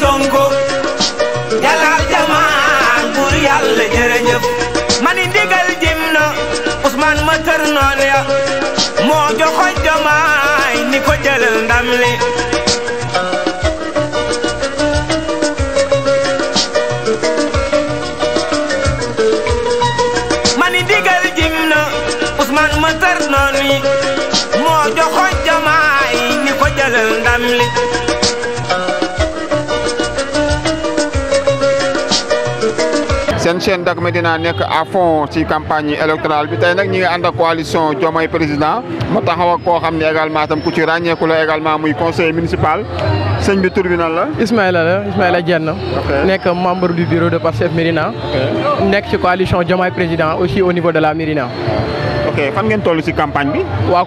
Sonko jalal jamaan bur yàlla jërëjëf mani ndigal jim na Ousmane ma noon ya moo joxoñ jamaay ni ko jëlal ndam li sen chaîne Dak medina nek à fond ci campagne électorale bi tay nak ñi ngi ànd ak coalition jomay président mo taxaw ak koo xam ne également tam ku ci ràññeeku ko également muy conseil municipal sëñ bi tribunal bi nan la. Ismaïla la Ismaïla ah. Diène. nekk membre du bureau de Pastef medina nek ci coalition jomay président aussi au niveau de la Médina ok fan ngeen toll ci campagne bi.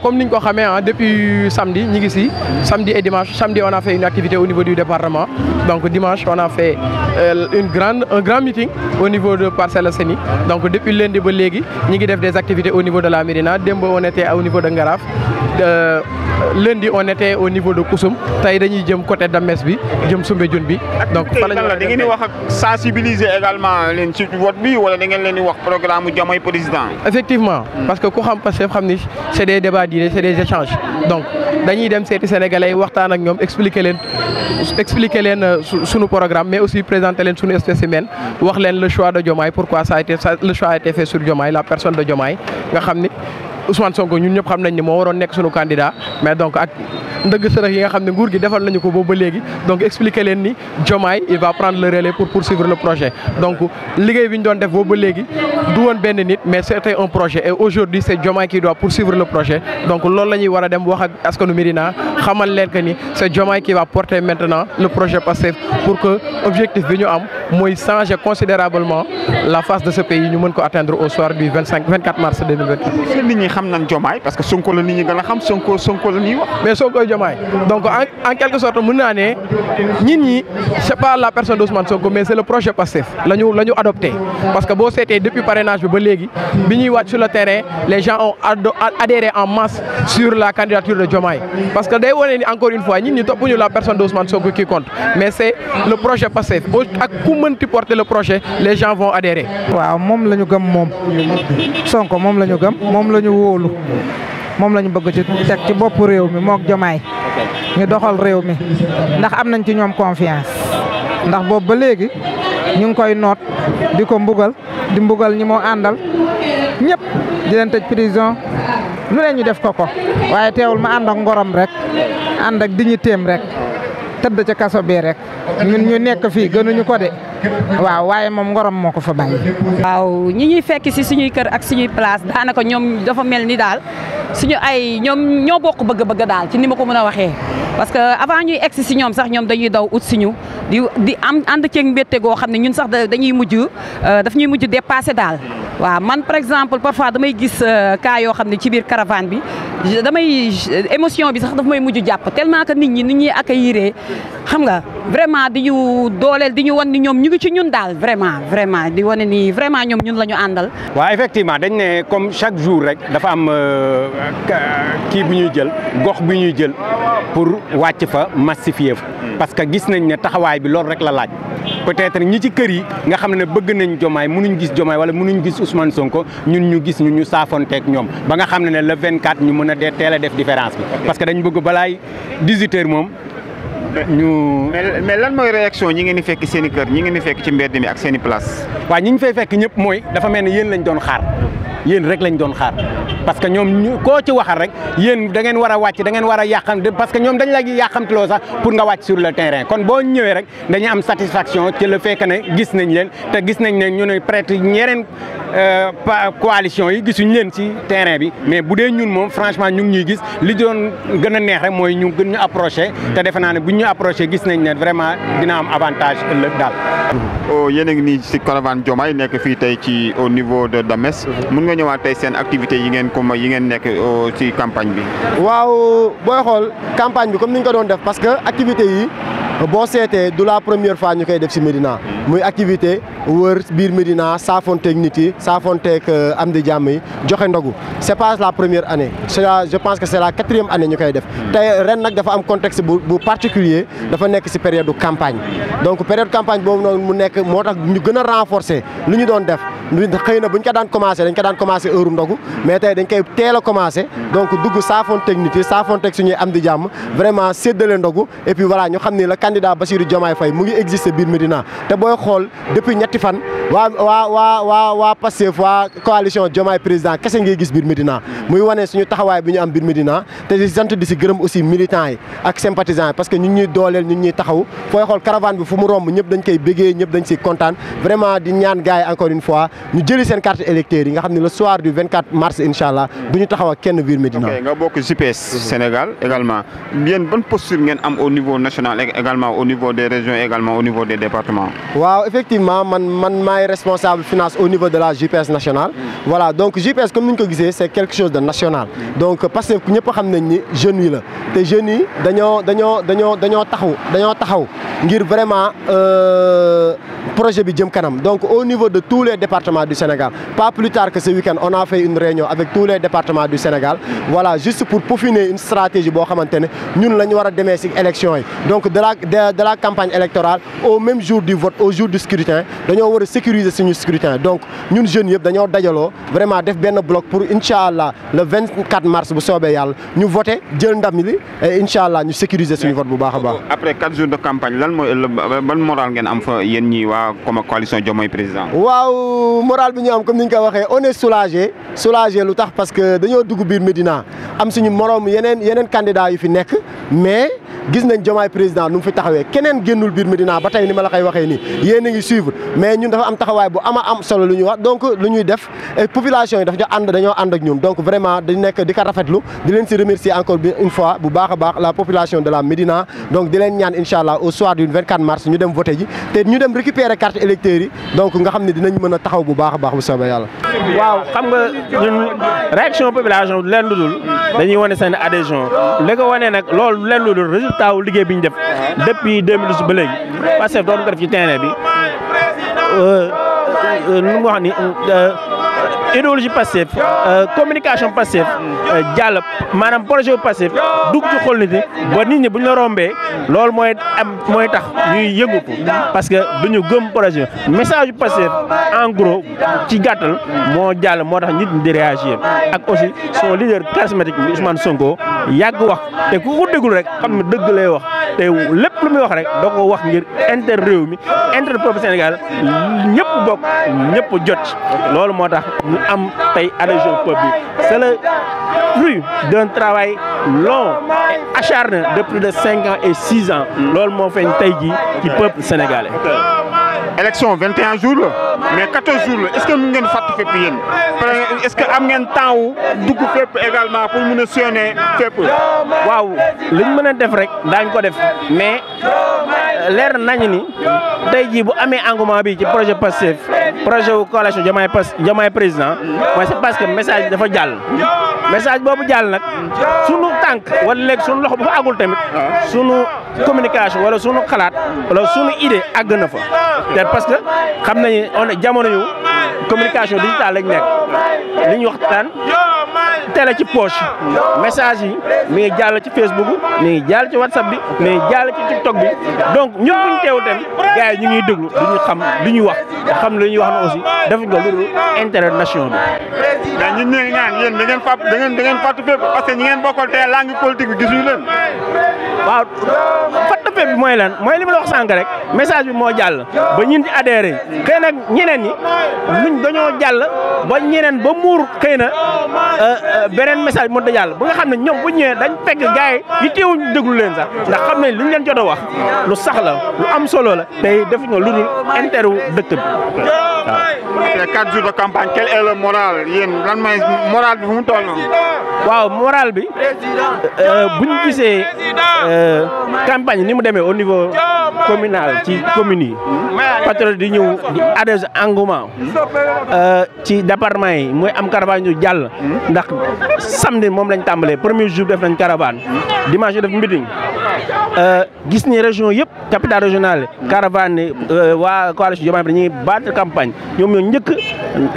comme niñ ko xamé ah, depuis samedi ñi ngi ci samedi et dimanche samedi on a fait une activité au niveau du département donc dimanche on a fait euh, une grande un grand meeting au niveau de Parcelles Seni. donc depuis lundi ba légui fait des activités au niveau de la Mérina. on était au niveau de Ngaraf. Euh, lundi on était au niveau de Koussoum tay dañuy jëm côté Dames bi jëm Soumbédioune bi. donc fa la ñu da ngeen di wax ak sensibiliser également leen ci vote bi wala da ngeen leen di wax programme djomay président. effectivement hmm. parce que ko xam Pastef xam c'est des débats d'idées c'est des échanges donc dañuy dem seeti sénégalais yi waxtaan ak ñom expliquer leen expliquer leen euh, suñu programme mais aussi présenter leen suñu spécimen wax leen le choix de Diomaye pourquoi ça a été le choix a été fait sur Diomaye la personne de Diomaye nga xamni nous Sonko ñun les xam nañ candidat mais donc ak ndëgg sërëx yi nga xam nguur gi donc expliquer leen ni il va prendre le relais pour poursuivre le projet donc liggéey bi ñu doon def boobu ba mais c'était un projet et aujourd'hui c'est Diomaye qui doit poursuivre le projet donc loolu la ñuy dem wax ak xamal que c'est Diomaye qui va porter maintenant le projet passé pour que l'objectif bi ñu am changer considérablement la face de ce pays ñu mën ko atteindre au soir du 24 mars 2020 parce que Sonko colonie nit ñi la mais son colonie donc en quelque sorte mën année, ne nit ñi pas la personne d'Ousmane Sonko mais c'est le projet passé l'année lañu adopté. parce que c'était c'était depuis parrainage bi ba légui bi ñuy sur le terrain les gens ont adhéré en masse sur la candidature de Jomai parce que day encore une fois nit ñi topuñu la personne d'Ousmane Sonko qui compte mais c'est le projet passif ak ku tu porter le projet les gens vont adhérer. waaw mom lañu gëm mom Sonko mom lañu gëm mom lañu wóolu moom lañu ñu bëgg ci teg ci boppu réew mi mook jomaay ñu doxal réew mi ndax am nañ ci ñoom confiance ndax boobu ba léegi ñu ngi koy noot di ko mbugal di mbugal ñi moo àndal ñëpp di leen tëj prison lu ne ñu def ko ko waaye teewul ma ànd ngorom rek ànd ak digniteem rek tëdd ca kaso bii rek ñun ñu nekk fii gënuñu ko de waaw waaye moom ngorom moo ko fa bàyyi. waaw ñi ñuy fekk si suñuy kër ak suñuy place daanaka ñoom dafa mel ni daal suñu ay ñoom ñoo bokk bëgg-bëgg daal ci ni ma ko mën a waxee. parce que avant ñuy egg si ñoom sax ñoom dañuy daw ut siñu di di am ànd ceeg mbette goo xam ne ñun sax dañuy mujj euh, daf ñuy mujj dépassé daal. waaw man par exemple parfois damay gis euh, cas yoo xam ne ci biir caravane bi. damay émotion bi sax daf may mujj jàpp tellement que nit ñi nit ñi ñuy accueillir xam nga vraiment di ñu dooleel di ñu wan ni ñoom ñu ngi ci ñun daal vraiment vraiment di wane ni vraiment ñoom ñun la ñu àndal. waaw effectivement dañ ne comme chaque jour rek dafa am euh, kii bu ñuy jël gox bu ñuy jël pour wàcc fa massifier fa parce que gis nañ ne taxawaay bi loolu rek la laaj. peut-être ñi ci kër yi nga xamné ne bëgg nañ jomay mënuñ gis jomay wala mënuñ gis Ousmane Sonko ñun ñu gis ñu ñu safonté ak ñom ba nga xamné ne le 24 ñu mëna dé dee def différence bi parce que dañ bëgg balay 18 h mom ñu mais lan moy réaction ñi ngi ni fekk seen kër ñi ngi ni fekk ci mbedd mi ak seen place wa ñi ngi fay fekk ñëpp moy dafa melni yeen lañ doon xaar yéen rek lañu doon xaar parce que ñoom koo ci waxal rek yéen da ngeen war wàcc da ngeen war a yàqam parce que ñoom dañ la yàqamtiloo sax pour nga wàcc sur le terrain kon boo ñëwee rek dañuy am satisfaction ci le fait que ne gis nañ leen te gis nañ ne ñu ne peut-être ñeneen euh, coalition yi gisuñ leen ci terrain bi mais bu dee ñun moom franchement ñu ngi ñuy gis li doon gën a neex rek mooy ñu gën ñu approché te defe naa ne buñ ñu approché gis nañ ne vraiment dina am avantage ëllëg daal. Oh, yéen a ngi nii si caravane Diomaye nekk fii tey ci au niveau de Dames. nga tey seen activité yi ngeen ko yi ngeen nekk euh, ci campagne bi. waaw booy xool campagne bi comme ni ñu ko doon def parce que activité yi. bon seetee de la première fois ñu koy def Medina. Médina muy activité wër biir Medina saafonteeg nit yi saafonteeg euh, am yi ndogu c'est pas la première année c'est je pense que c'est la quatrième année ñu koy def tey ren nag dafa am contexte bu bu particulier dafa nekk si période campagne donc période campagne bon noonu mu que moi tax ñu gën renforcer lu ñu doon def xëy na bu ñu ko daan commencé dañ ko daan heure ndogu mais tey dañ koy teel commencer commencé donc dugg saafonteeg nit yi saafonteeg suñuy am di jàmm vraiment séddale ndogu et puis voilà ñu xam le la candidat Bassirou Diomaye Faye mu ngi existé biir Médina te boy xol depuis ñetti fan wa wa wa wa wa Pastef wa coalition Diomaye président kessé ngay gis bir Médina muy wane suñu taxaway bi ñu am bir Médina te di sante di ci gërëm aussi militants yi ak sympathisants yi parce que ñun ñuy dolel ñun ngi ñuy taxaw fooy xol caravane bi fu mu romb ñëpp dañ koy bégee ñëpp dañ ci kontaan vraiment di ñaan gaay encore une fois ñu jëli sen carte électeur yi nga xamni le soir du 24 mars Inshallah, allah taxaw ak kenn bir Médina. ok nga bokk GPS Sénégal également Bien bonne posture ngeen am au niveau national au niveau des régions, également au niveau des départements. waaw effectivement man man maay responsable finance au niveau de la JPS nationale. Mm. voilà donc JPS comme vous le ko c'est quelque chose de national. Mm. donc parce que nous xam jeunes yi te jeunes yi vraiment euh, projet de jëm kanam donc au niveau de tous les départements du Sénégal pas plus tard que ce week-end on a fait une réunion avec tous les départements du Sénégal mm. voilà juste pour peaufiner une stratégie pour avons nous ñun élection donc de la de, la campagne électorale au même jour du vote au jour du scrutin nous war sécuriser suñu scrutin donc ñun jeunes nous dañoo vraiment faire un bloc pour Inch'Allah, le 24 mars nous soobee voter, voté jël ndam et Inch'Allah, nous ñu sécuriser ce vote après quatre jours de campagne quelle morale ban moral ngeen am comme coalition de président. waaw moral bi comme on est soulagé soulagé parce que nous dugg biir Médina am suñu un candidat mais gis nañ jomay président num fi taxawé keneen génnul bir Médina batay ni mala kay waxé ni nii ngi suivre mais ñun dafa am taxaway bu ama am solo lu ñuy wax donc lu ñuy def et population yi dafa ñu and dañu and ak ñun donc vraiment dañ nek di ko rafetlu di leen si remercier encore une fois bu baax a baax la population de la Médina donc di leen ñaan inshallah au soir du 24 mars ñu dem voter ji té ñu dem récupérer carte électeur yi donc nga xamni dinañ mëna taxaw bu baax a baax bu soobee yàlla. waaw xam nga ñun réaction population du leen lu dul dañuy wane sen adhésion li ko wane nak lool du leen lu dul résultat wu liggéey bi ñu def depuis 2012 ba léegi parce que doon ko def ci terrain bi euh, euh, nu mu wax ni euh, idéologie passive, euh, communication passive, euh, dialogue, manam projet passif, dugg ci xol la tax parce que duñu gëm projet message passif, en gros ci gattal mo tax réagir ak aussi son leader charismatique Ousmane Sonko yàgg wax té ku ko rek xam ne le plus important, c'est entre entre le peuple sénégal, nous sommes tous les gens. C'est ce que nous avons fait à l'agent public. C'est le fruit d'un travail long et acharné de plus de 5 ans et 6 ans. C'est ce que nous avons fait le peuple sénégalais. Élection 21 jours, mais 14 jours, est-ce que nous avons fait le faire Est-ce que nous temps fait le faire également pour nous le waaw luñ mën a def rek daañ ko def mais euh, leer nañ ni tey jii bu amee engouement bi ci projet Pastef projet wu coalition Diomaye Pass Diomaye président mooy c'est parce que message dafa jàll message boobu jàll nag sunu tànk wala léegi sunu loxo bu fa àggul tamit sunu communication wala sunu xalaat wala sunu idée àgg na fa te parce que xam nañu on jamono yu communication digitale lañ nekk li waxtaan télé ci poche message yi mi ngi jàll ci Facebook mi ngi jàll ci WhatsApp bi mi ngi jàll ci TikTok bi donc ñun bu ñu teewul tamit gars yi ñu ngi déglu du ñu xam lu ñuy wax xam lu ñuy wax na aussi dafa ko lu intérêt nation bi. mais ñun ñu ngi ñaan yéen da ngeen fàtt da ngeen da ngeen fàttu fépp parce que ñi ngeen bokkal tey langue politique bi gisuñu leen. mooy li ma la sànq rek message bi moo jàll ba ñun ci adhéré xëy na ñeneen ñi luñ dañoo jàll ba ñeneen ba muur këy na. Euh, Euh, beneen message mënut a jàll bu xam ne ñoom bu ñëwee dañ fekk gars yi teewuñ déglu leen sax ndax xam nañ li ñu leen jot a wax lu sax la lu am solo la tey defuñu lu dul intérêt wu dëkk bi. waaw te quatre jours de campagne quel est le moral yéen lan mooy moral bi fu mu toll waaw moral bi euh, bu ñu gisee euh, campagne ni mu demee au niveau communal ci commune yi. patriote di ñëw di adhéré engouement euh, ci département yi mooy am caravane yu jàll. ndax samedi moom lañ tàmbalee premier jour def nañ caravane dimanche def meeting. Euh, gis ni région yëpp capitale régionale caravane euh, waa coalition Diomaye dañuy battre campagne ñoom ñoo njëkk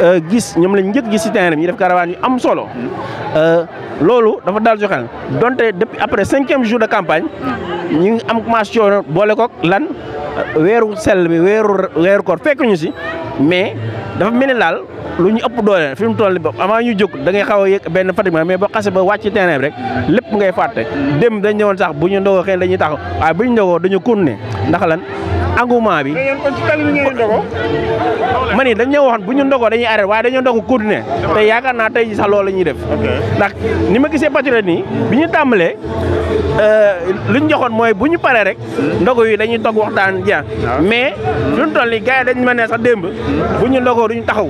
euh, gis ñoom lañ njëkk gis si terrain bi def caravane yu am solo loolu dafa daal joxel donte depuis après cinquième jour de campagne ñu ngi am commencé boole ko lan weeru sell bi weeru weeru koor fekk ñu si mais dafa mel ni daal lu ñu ëpp doole fi mu toll ni bopp ñu jóg da ngay xaw a yëg benn pratiquement mais boo xasee ba wàcc ci bi rek lépp ngay fàtte dem dañ ñëwoon sax bu ñu ndogoo xëy dañuy taxaw waaye bu ñu ndogoo dañu continuer ndax lan engouement bi. ma ni dañ ñoo waxoon bu ñu ndogoo dañuy arrêté waaye dañoo ndog continuer te yaakaar naa tey ji sax loolu la ñuy def ndax ni ma gisee patriote nii bi ñu tàmbalee euh, lu ñu joxoon mooy bu ñu paree rek ndogu yi dañuy toog waxtaan jeex ah. mais luñ toll nii dañ ma ne sax demb bu ñu ndogoo duñu taxaw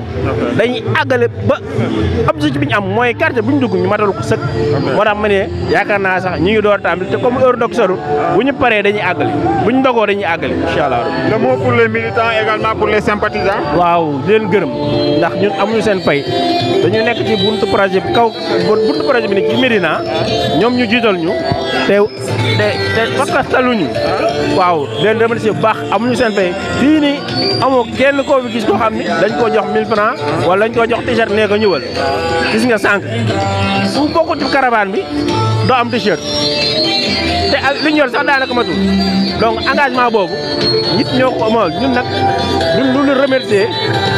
dañuy àggale ba objectif bi ñu am mooy quartier bu ñu dugg ñu matalu ko sëkk moo tax ma yaakaar naa sax ñu ngi door tàmbali te comme heure ndog saru ah. bu ñu paree dañuy àggale bu ñu ndogoo dañu àggale incha Ndakaaru. le mot pour les militants également pour les waaw leen gërëm ndax ñun amuñu seen pay dañu nekk ci buntu projet bi kaw buntu projet bi ne ci Médina ñoom ñu jiital ñu te te te fakkastaluñu waaw di leen remercier bu baax amuñu seen pay fii nii amoo kenn koo fi gis koo xam ni dañ koo jox 1000 francs wala dañ koo jox t-shirt nee ko ñëwal gis nga sànq bu bokkul ci caravane bi doo am t te li ñu yor sax daanaka matul donc engagement boobu nit ñoo ko mool ñun nag ñun lu ñu remercier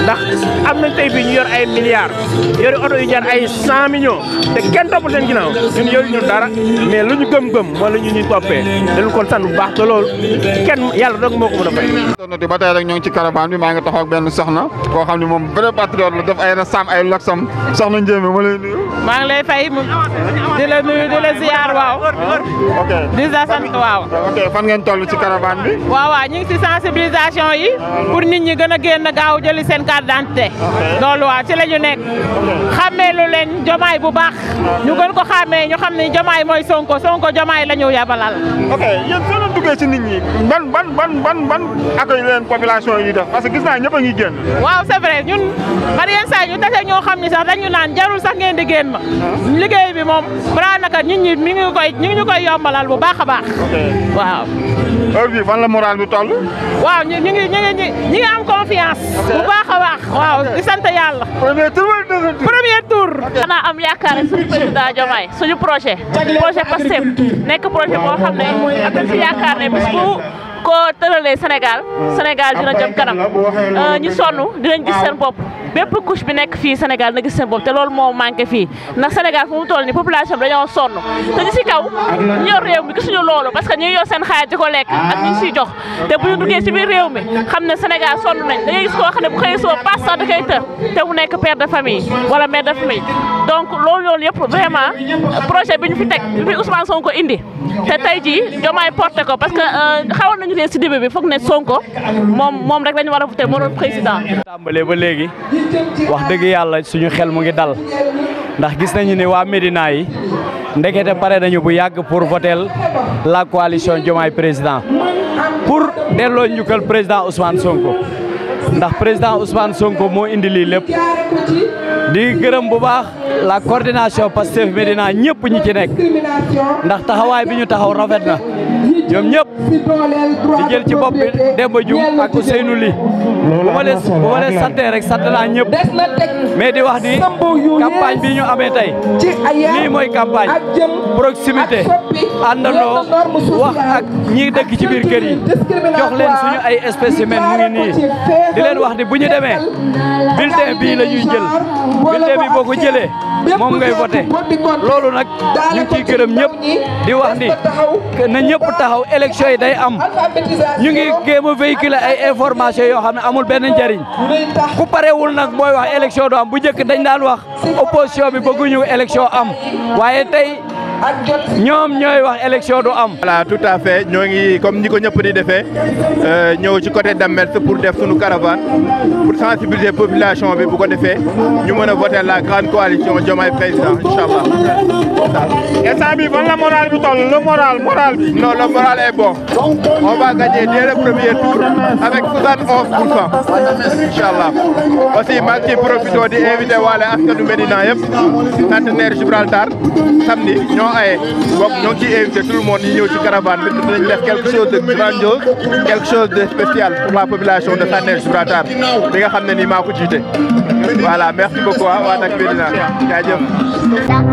ndax am nañ tey bii ñu yor ay milliards yori oto yu jaar ay cent millions te kenn topp seen ginnaaw ñun yoru ñu dara mais lu ñu gëm-gëm moo la ñu ñuy toppee dañu ko san bu baax te loolu kenn yàlla rek moo ko mën a ba tey rek ñoo ngi ci caravane bi maa ngi taxaw ak benn soxna koo xam ne moom vrai patriote la def ay rasam ay loksam soxna Ndiémé ma lay nuyu maa ngi lay fay di la nuyu di la di la sant ci caravane bi. waaw waaw ñu ngi sensibilisation yi. pour nit ñi gën a génn gaaw jëli seen carte d'identité. loolu waaw ci la ñu nekk. xàmmee lu leen jomaay bu baax. ñu gën ko xàmmee ñu xam ne jomaay mooy Sonko Sonko jomaay la ñu yabalal. ok duggee ci nit ñi ban ban ban ban ban accueil leen yi def parce que gis naa ñëpp a ngi génn. waaw c'est vrai ñun bari yenn ñu tase ñoo xam ne sax dañu naan jarul sax ngeen di génn ma. liggéey bi moom daanaka nit ñi mi ngi ñu ñu koy yombalal bu baax a baax. waaw. heure bi fan la moral mi toll. waaw ñu ngi am confiance. bu baax a baax waaw di yàlla. premier tour. xanaa am yaakaar ne suñu président Diomaye suñu projet. projet Pastef nekk projet boo xam ne si yaakaar ne bis ko tëralee Sénégal Sénégal dina jëm kanam euh, ñu sonn dinañ gis seen bopp. bépp couche bi nekk fii Sénégal na gis seen bopp te loolu moo manqué fii ndax Sénégal fu mu toll ni population bi dañoo sonn te ñu si kaw ñu yor réew mi gisuñu loolu parce que ñu ngi yor seen xaalis di ko lekk ak ñu siy jox te bu ñu duggee si biir réew mi xam ne Sénégal sonn nañ da ngay gis koo xam ne bu xëyee soo passe sax da koy të te mu nekk père de famille wala mère de famille donc loolu loolu yëpp vraiment projet bi ñu fi teg bi fi Sonko indi te tey jii Diomaye porté ko parce que euh, xawoon nañu leen si début bi foog ne Sonko moom moom rek lañu war a voté moo doon président. tàmbalee ba léegi wax dëgg yàlla suñu xel mu ngi dal ndax gis nañu ne waa Médina yi ndekete pare nañu bu yàgg pour votel la coalition Diomaye président pour delloo njukkal président Ousmane Sonko ndax président Ousmane Sonko moo indi lii lépp. di gërëm bu baax la coordination Pastef Médina ñëpp ñi ci nekk ndax taxawaay bi ñu taxaw rafet na ñoom ñëpp di jël ci bopp bi Demba Diouf ak Ousseynou Ly bu ma leen bu ma leen santee rek sant naa ñëpp mais di wax ni campagne bi ñu amee tey lii mooy campagne proximité àndandoo wax ak ñi dëkk ci biir kër yi jox leen suñu ay spécimen mu ngi nii di leen wax ni bu ñu demee bulletin bii la ñuy jël bulletin bi boo ko jëlee moom ngay voté loolu nag ñu ngi ciy gërëm ñëpp di wax ni na ñëpp taxaw élection yi day am ñu ngi géem a véhiculer ay information yoo xam ne amul benn njariñ ku parewul nag mooy wax élection du bu jëkk dañ daan wax opposition bi bëgguñu élection am waaye tey ñoom ñooy élection voilà tout à fait Nous, comme nous avons dit di nous euh, nous côté pour def sunu caravane pour sensibiliser population bi bu ko faits. Nous la grande coalition président la moral le moral moral le moral est bon on va gagner dès le premier tour avec 71 aussi Gibraltar samedi que tout le monde ñu caravane il nous faire quelque chose de grandiose quelque chose de spécial pour la population de Sanel Gibraltar bi voilà merci beaucoup ah,